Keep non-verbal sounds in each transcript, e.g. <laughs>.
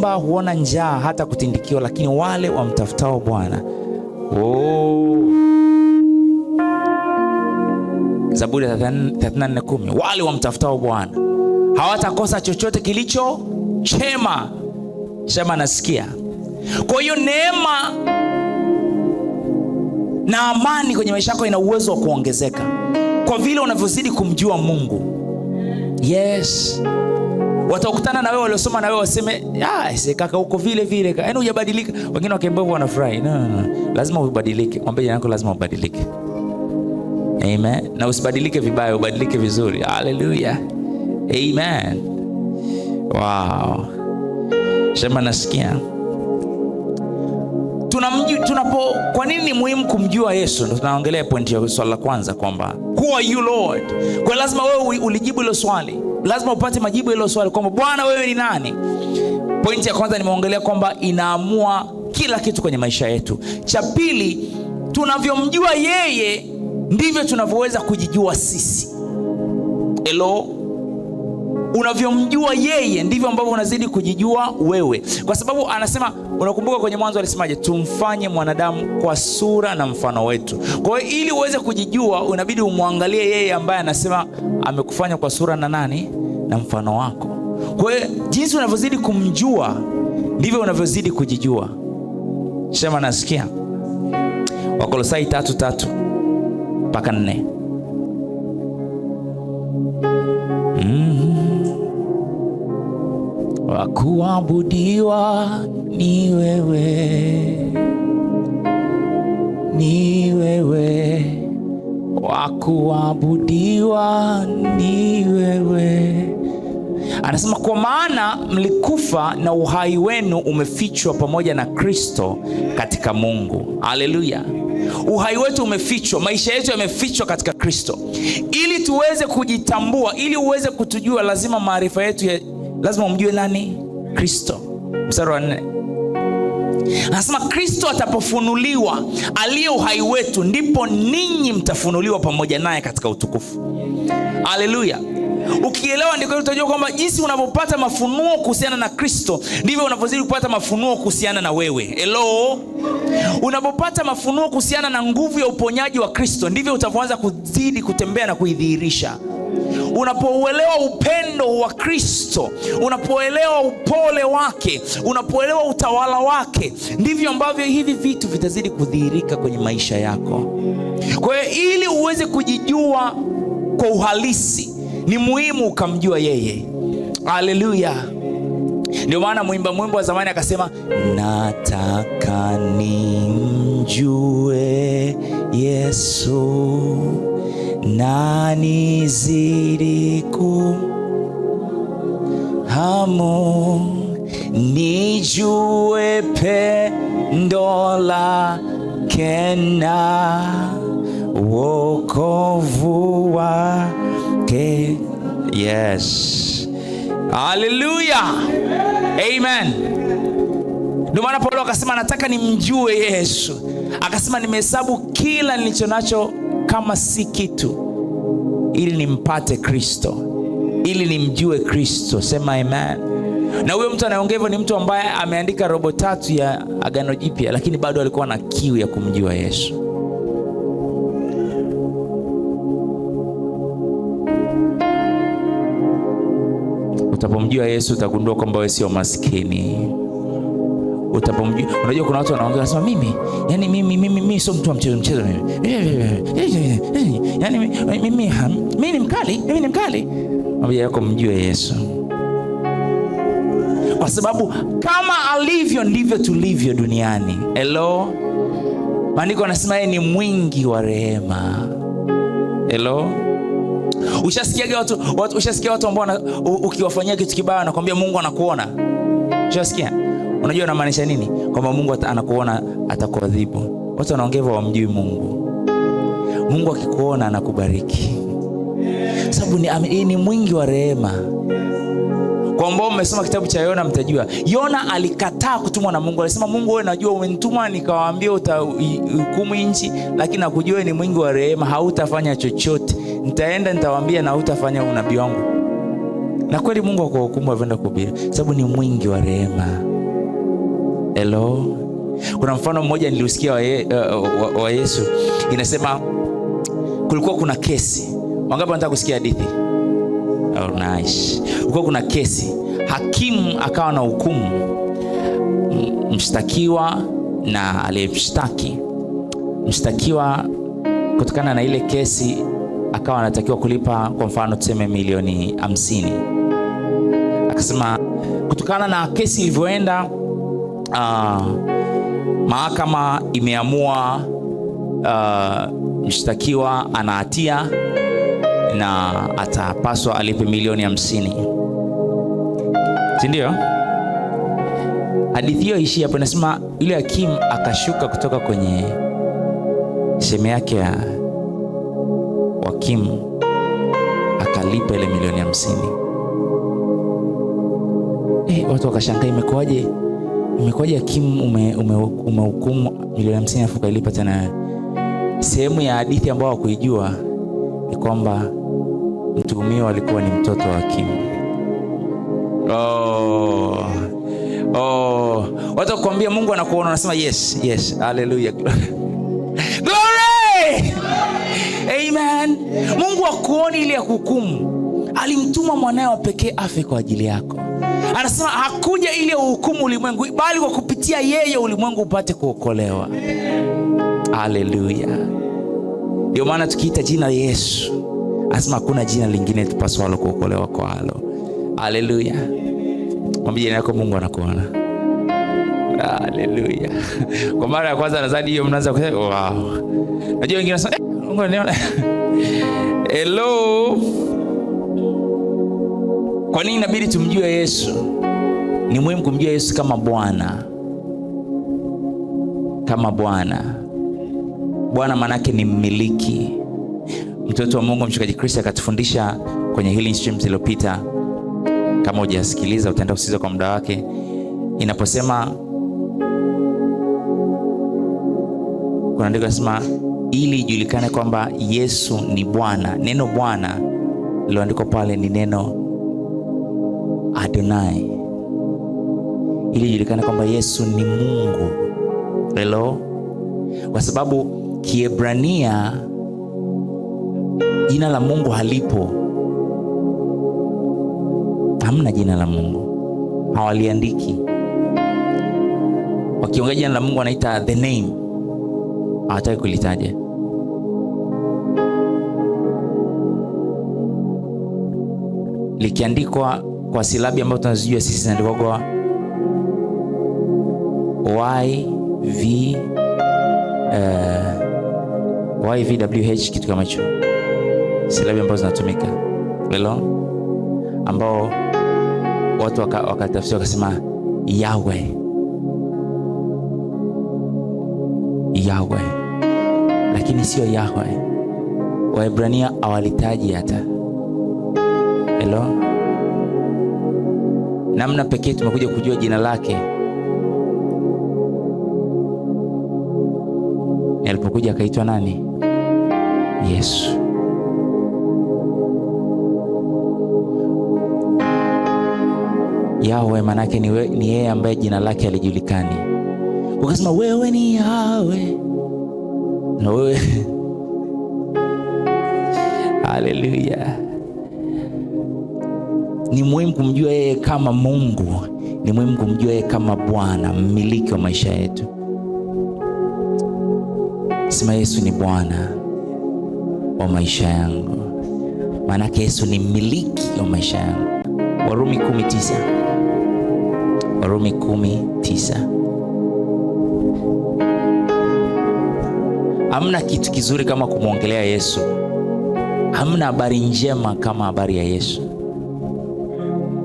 simba huona njaa hata kutindikiwa, lakini wale wamtafutao Bwana. Oh. Zaburi ya 34:10 wale wamtafutao Bwana hawatakosa chochote kilicho chema. Sema nasikia. Kwa hiyo neema na amani kwenye maisha yako ina uwezo wa kuongezeka kwa vile unavyozidi kumjua Mungu. Yes watakutana na wewe waliosoma na wewe waseme, ah, kaka uko vile vile, yaani hujabadilika. Wengine wakiambiwa wanafurahi. No, no, no, lazima ubadilike. Mwambie jirani lazima ubadilike. Amen. Na usibadilike vibaya, ubadilike vizuri. Haleluya. Amen. Wow. Shema nasikia tunapo. Kwa nini ni muhimu kumjua Yesu? ndo tunaongelea pointi ya swali la kwanza kwamba who are you Lord. Kwa lazima wewe ulijibu hilo swali, lazima upate majibu hilo swali kwamba Bwana wewe ni nani. Pointi ya kwanza nimeongelea kwamba inaamua kila kitu kwenye maisha yetu. Cha pili, tunavyomjua yeye ndivyo tunavyoweza kujijua sisi. Hello unavyomjua yeye ndivyo ambavyo unazidi kujijua wewe, kwa sababu anasema, unakumbuka kwenye mwanzo alisemaje? Tumfanye mwanadamu kwa sura na mfano wetu. Kwa hiyo ili uweze kujijua, unabidi umwangalie yeye ambaye anasema amekufanya kwa sura na nani na mfano wako. Kwa hiyo jinsi unavyozidi kumjua ndivyo unavyozidi kujijua. Sema nasikia Wakolosai tatu tatu mpaka nne. Mm wa kuabudiwa ni wewe, ni wewe, wa kuabudiwa ni wewe. Anasema kwa maana mlikufa na uhai wenu umefichwa pamoja na Kristo katika Mungu. Haleluya! Uhai wetu umefichwa, maisha yetu yamefichwa katika Kristo. Ili tuweze kujitambua, ili uweze kutujua, lazima maarifa yetu ya lazima umjue nani? Kristo. Mstari wa nne anasema Kristo atapofunuliwa aliye uhai wetu, ndipo ninyi mtafunuliwa pamoja naye katika utukufu. Haleluya! Ukielewa ndiko utajua kwamba jinsi unavyopata mafunuo kuhusiana na Kristo ndivyo unavyozidi kupata mafunuo kuhusiana na wewe. Hello, unapopata mafunuo kuhusiana na nguvu ya uponyaji wa Kristo ndivyo utavyoanza kuzidi kutembea na kuidhihirisha. Unapouelewa upendo wa Kristo, unapoelewa upole wake, unapoelewa utawala wake, ndivyo ambavyo hivi vitu vitazidi kudhihirika kwenye maisha yako. Kwa hiyo ili uweze kujijua kwa uhalisi, ni muhimu ukamjua yeye. Haleluya! Ndio maana mwimba mwimbo wa zamani akasema, nataka nimjue Yesu nani zidi ku hamu nijue pendo lake na wokovu wake. Yes, haleluya, amen. Ndio maana Paulo akasema nataka nimjue Yesu, akasema nimehesabu kila nilicho nacho kama si kitu, ili nimpate Kristo, ili nimjue Kristo. Sema amen. Na huyo mtu anayeongea hivyo ni mtu ambaye ameandika robo tatu ya Agano Jipya, lakini bado alikuwa na kiu ya kumjua Yesu. Utapomjua Yesu utagundua kwamba wewe sio maskini utapomjua. Unajua kuna watu wanaongea wanasema, mimi yani mimi mimi mimi sio mtu wa mchezo mchezo, mimi eh, eh, eh, yani mimi mimi ni mkali, mimi ni mkali. Mabia yako mjue Yesu, kwa sababu kama alivyo ndivyo tulivyo duniani. Hello, maandiko anasema yeye ni mwingi wa rehema. Hello. Ushasikiaga watu, watu, ushasikia watu ambao ukiwafanyia kitu kibaya wanakwambia Mungu anakuona. Ushasikia? Unajua anamaanisha nini? Kwamba Mungu anakuona atakuadhibu. Watu wanaongea hawamjui Mungu. Mungu akikuona anakubariki, sababu ni, ni mwingi wa rehema. Kwa ambao mmesoma kitabu cha Yona mtajua Yona alikataa kutumwa na Mungu. Alisema, Mungu we najua umenituma nikawaambia utahukumu nchi, lakini nakujua ni mwingi wa rehema, hautafanya chochote. Nitaenda nitawaambia na hautafanya unabii wangu. Na kweli Mungu akawahukumu, avenda kuhubiri, sababu ni mwingi wa rehema. Hello. Kuna mfano mmoja niliusikia wa, ye, uh, wa, wa Yesu inasema kulikuwa kuna kesi. Wangapi wanataka kusikia hadithi? Oh, nice. Kulikuwa kuna kesi, hakimu akawa na hukumu mshtakiwa na aliyemshtaki. Mshtakiwa kutokana na ile kesi akawa anatakiwa kulipa kwa mfano tuseme milioni hamsini. Akasema kutokana na kesi ilivyoenda uh, mahakama imeamua uh, mshtakiwa ana hatia na atapaswa alipe milioni hamsini, si ndio? Hadithi hiyo ishi hapo. Inasema yule hakimu akashuka kutoka kwenye sehemu yake ya wakimu akalipa ile milioni hamsini. Eh, watu wakashangaa imekuwaje? Imekuwaje hakimu umehukumu ume, milioni hamsini afu ukailipa tena? Sehemu ya hadithi ambayo hakuijua ni kwamba mtuhumiwa alikuwa ni mtoto wa hakimu. Oh, oh, watu kuambia Mungu anakuona, anasema yes, yes, haleluya, <laughs> glory, amen. Mungu akuoni ili ya alimtuma mwanaye wa pekee afe kwa ajili yako. Anasema hakuja ili uhukumu ulimwengu, bali kwa kupitia yeye ulimwengu upate kuokolewa. aleluya Ndio maana tukiita jina Yesu, anasema hakuna jina lingine tupaswalo kuokolewa kwalo. aleluya Mwambie jirani yako, Mungu anakuona. aleluya Kwa mara ya kwanza nazadi hiyo mnaanza kusema wow. Najua wengine nasema eh, Mungu aniona. <laughs> Kwa nini inabidi tumjue Yesu? Ni muhimu kumjua Yesu kama Bwana, kama Bwana. Bwana maanake ni mmiliki. Mtoto wa Mungu mchungaji kristo akatufundisha kwenye Healing Streams iliyopita. Kama hujasikiliza, utaenda kusikiza kwa muda wake, inaposema kuna ndiko nasema ili ijulikane kwamba Yesu ni Bwana. Neno Bwana liloandikwa pale ni neno Adonai, ili ijulikana kwamba Yesu ni Mungu. Hello, kwa sababu Kiebrania jina la Mungu halipo, hamna jina la Mungu, hawaliandiki. Wakiongea jina la Mungu wanaita the name, hawataki kulitaja. Likiandikwa kwa silabi ambazo tunazijua sisi zinaandikwa y v uh, y v w h kitu kama hicho, silabi ambazo zinatumika lelo, ambao watu wakatafsiri wakasema yawe yawe, lakini sio yawe Waebrania awalitaji hata helo namna pekee tumekuja kujua jina lake alipokuja akaitwa nani? Yesu. Yawe manake ni yeye ambaye jina lake alijulikani. Ukasema wewe ni Yawe na wewe <laughs> Haleluya. Ni muhimu kumjua yeye kama Mungu, ni muhimu kumjua yeye kama Bwana, mmiliki wa maisha yetu. Sema Yesu ni Bwana wa maisha yangu, maanake Yesu ni mmiliki wa maisha yangu. Warumi 19 Warumi 19 Hamna kitu kizuri kama kumwongelea Yesu. Hamna habari njema kama habari ya Yesu.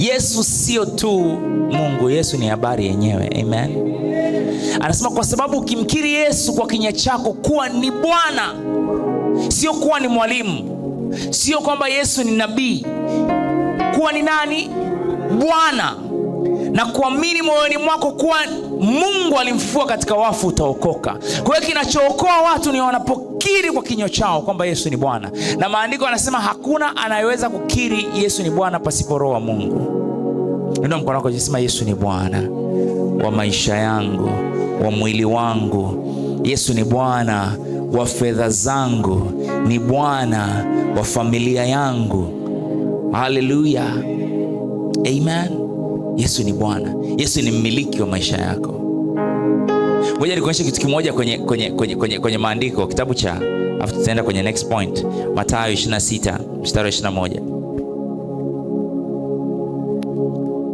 Yesu sio tu Mungu, Yesu ni habari yenyewe. Amen. Anasema kwa sababu ukimkiri Yesu kwa kinywa chako kuwa ni Bwana, sio kuwa ni mwalimu, sio kwamba Yesu ni nabii, kuwa ni nani? Bwana, na kuamini moyoni mwako kuwa Mungu alimfufua katika wafu, utaokoka. Kwa hiyo kinachookoa watu ni wanapokiri kwa kinywa chao kwamba Yesu ni Bwana, na maandiko yanasema hakuna anayeweza kukiri Yesu ni Bwana pasipo Roho wa Mungu. Ndio mkono wako, sema Yesu ni Bwana wa maisha yangu, wa mwili wangu. Yesu ni Bwana wa fedha zangu, ni Bwana wa familia yangu. Haleluya, amen. Yesu ni Bwana, Yesu ni mmiliki wa maisha yako. Ngoja nikuonyeshe kitu kimoja kwenye, kwenye, kwenye, kwenye, kwenye maandiko kitabu cha afu tutaenda kwenye next point, Mathayo 26 mstari wa 21.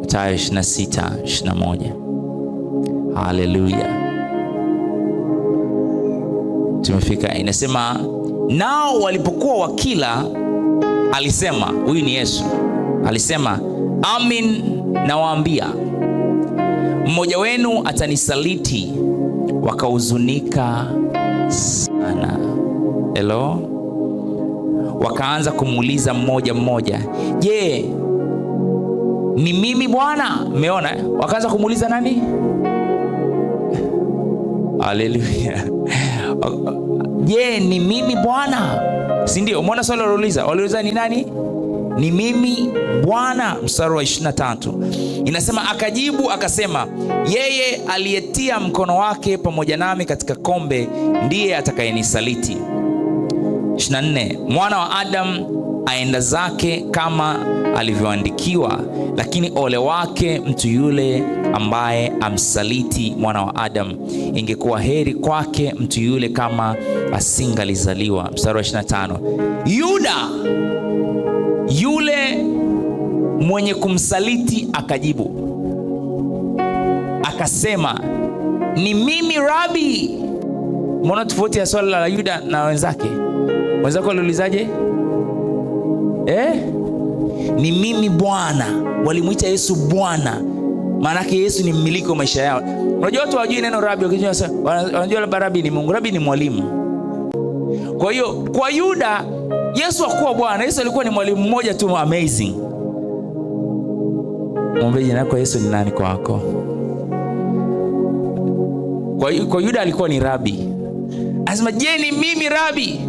Mathayo 26 21. Haleluya, tumefika. Inasema nao walipokuwa wakila, alisema, huyu ni Yesu alisema, amin nawaambia, mmoja wenu atanisaliti, wakahuzunika sana. Hello? Wakaanza kumuuliza mmoja mmoja, je, ni mimi Bwana? Mmeona, eh? wakaanza kumuuliza nani? <laughs> Haleluya! <laughs> Je, ni mimi Bwana? Si ndio? Umeona swali waliuliza, waliuliza ni nani? ni mimi Bwana. Mstari wa 23 inasema, akajibu akasema, yeye aliyetia mkono wake pamoja nami katika kombe ndiye atakayenisaliti. 24 mwana wa Adamu aenda zake kama alivyoandikiwa, lakini ole wake mtu yule ambaye amsaliti mwana wa Adamu. Ingekuwa heri kwake mtu yule kama asingalizaliwa. Mstari wa 25 Yuda mwenye kumsaliti akajibu akasema, ni mimi Rabi. Mbona tofauti ya swala la Yuda na wenzake? Wenzake waliulizaje? Eh? Ni mimi Bwana. Walimwita Yesu Bwana, maanake Yesu ni mmiliki wa maisha yao. Unajua watu hawajui neno rabi, wanajua labda rabi ni Mungu, rabi ni mwalimu. Kwa hiyo kwa Yuda Yesu hakuwa Bwana, Yesu alikuwa ni mwalimu mmoja tu, amazing mwambie jina lako Yesu ni nani kwako. Kwa, kwa Yuda alikuwa ni rabi, anasema je, ni mimi rabi?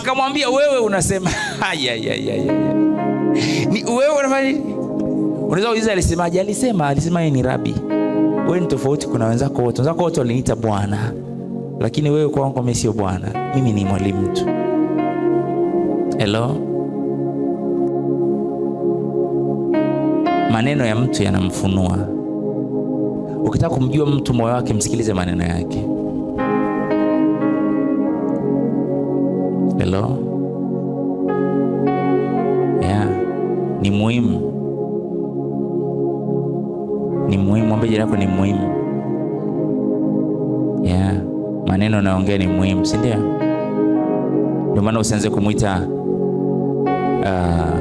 Akamwambia wewe unasema <laughs> ni wewe unafanya nini? Unaweza kuuliza alisemaje? Alisema alisema yeye ni rabi. Wewe ni tofauti, kuna wenzako wote, wenzako wote waliniita bwana, lakini wewe kwangu mimi sio bwana, mimi ni mwalimu tu. Hello. maneno ya mtu yanamfunua. Ukitaka kumjua mtu moyo wake, msikilize maneno yake. Hello? Yeah. Ni muhimu, ni muhimu. Mwambie jirani yako ni muhimu. Yeah. Maneno naongea ni muhimu, si ndio? Ndio maana usianze kumwita uh,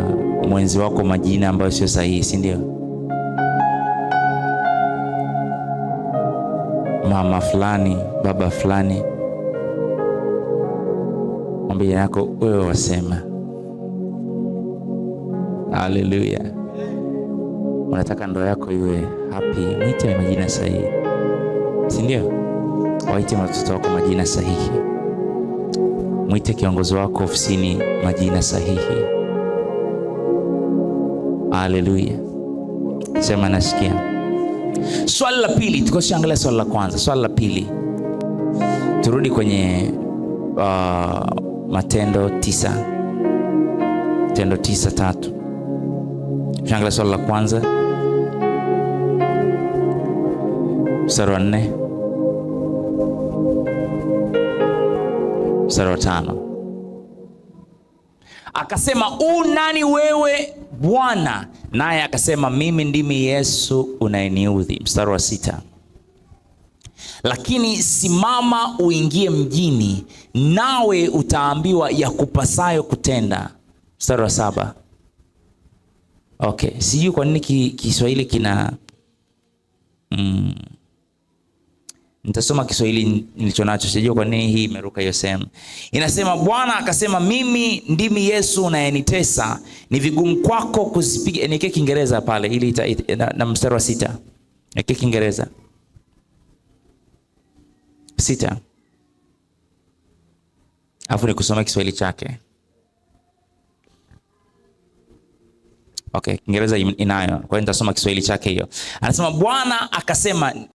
mwenzi wako majina ambayo sio sahihi, si ndio? Mama fulani, baba fulani, mwambie jina yako wewe wasema. Haleluya! Unataka ndoa yako iwe happy, mwite majina sahihi, si ndio? Waite watoto wako majina sahihi, mwite kiongozi wako ofisini majina sahihi. Haleluya, sema nasikia. Swali la pili, tukosiangalia swali la kwanza. Swali la pili, turudi kwenye uh, Matendo tisa, Matendo tisa tatu. Tuangalia swali la kwanza mstari wa nne mstari wa tano akasema u nani wewe Bwana naye akasema, mimi ndimi Yesu unayeniudhi. Mstari wa sita, lakini simama uingie mjini, nawe utaambiwa yakupasayo kutenda. Mstari wa saba. Okay, sijui kwa nini Kiswahili kina mm. Nitasoma Kiswahili nilicho nacho, sijui kwa nini hii imeruka hiyo sehemu. Inasema, Bwana akasema, mimi ndimi Yesu unayenitesa, ni vigumu kwako kuzipiga. Nikae Kiingereza pale ili ita, ita, na, na mstari wa sita. Nikae Kiingereza sita, alafu nikusoma Kiswahili chake. Okay, Kiingereza inayo, kwa hiyo nitasoma Kiswahili chake hiyo. Anasema Bwana akasema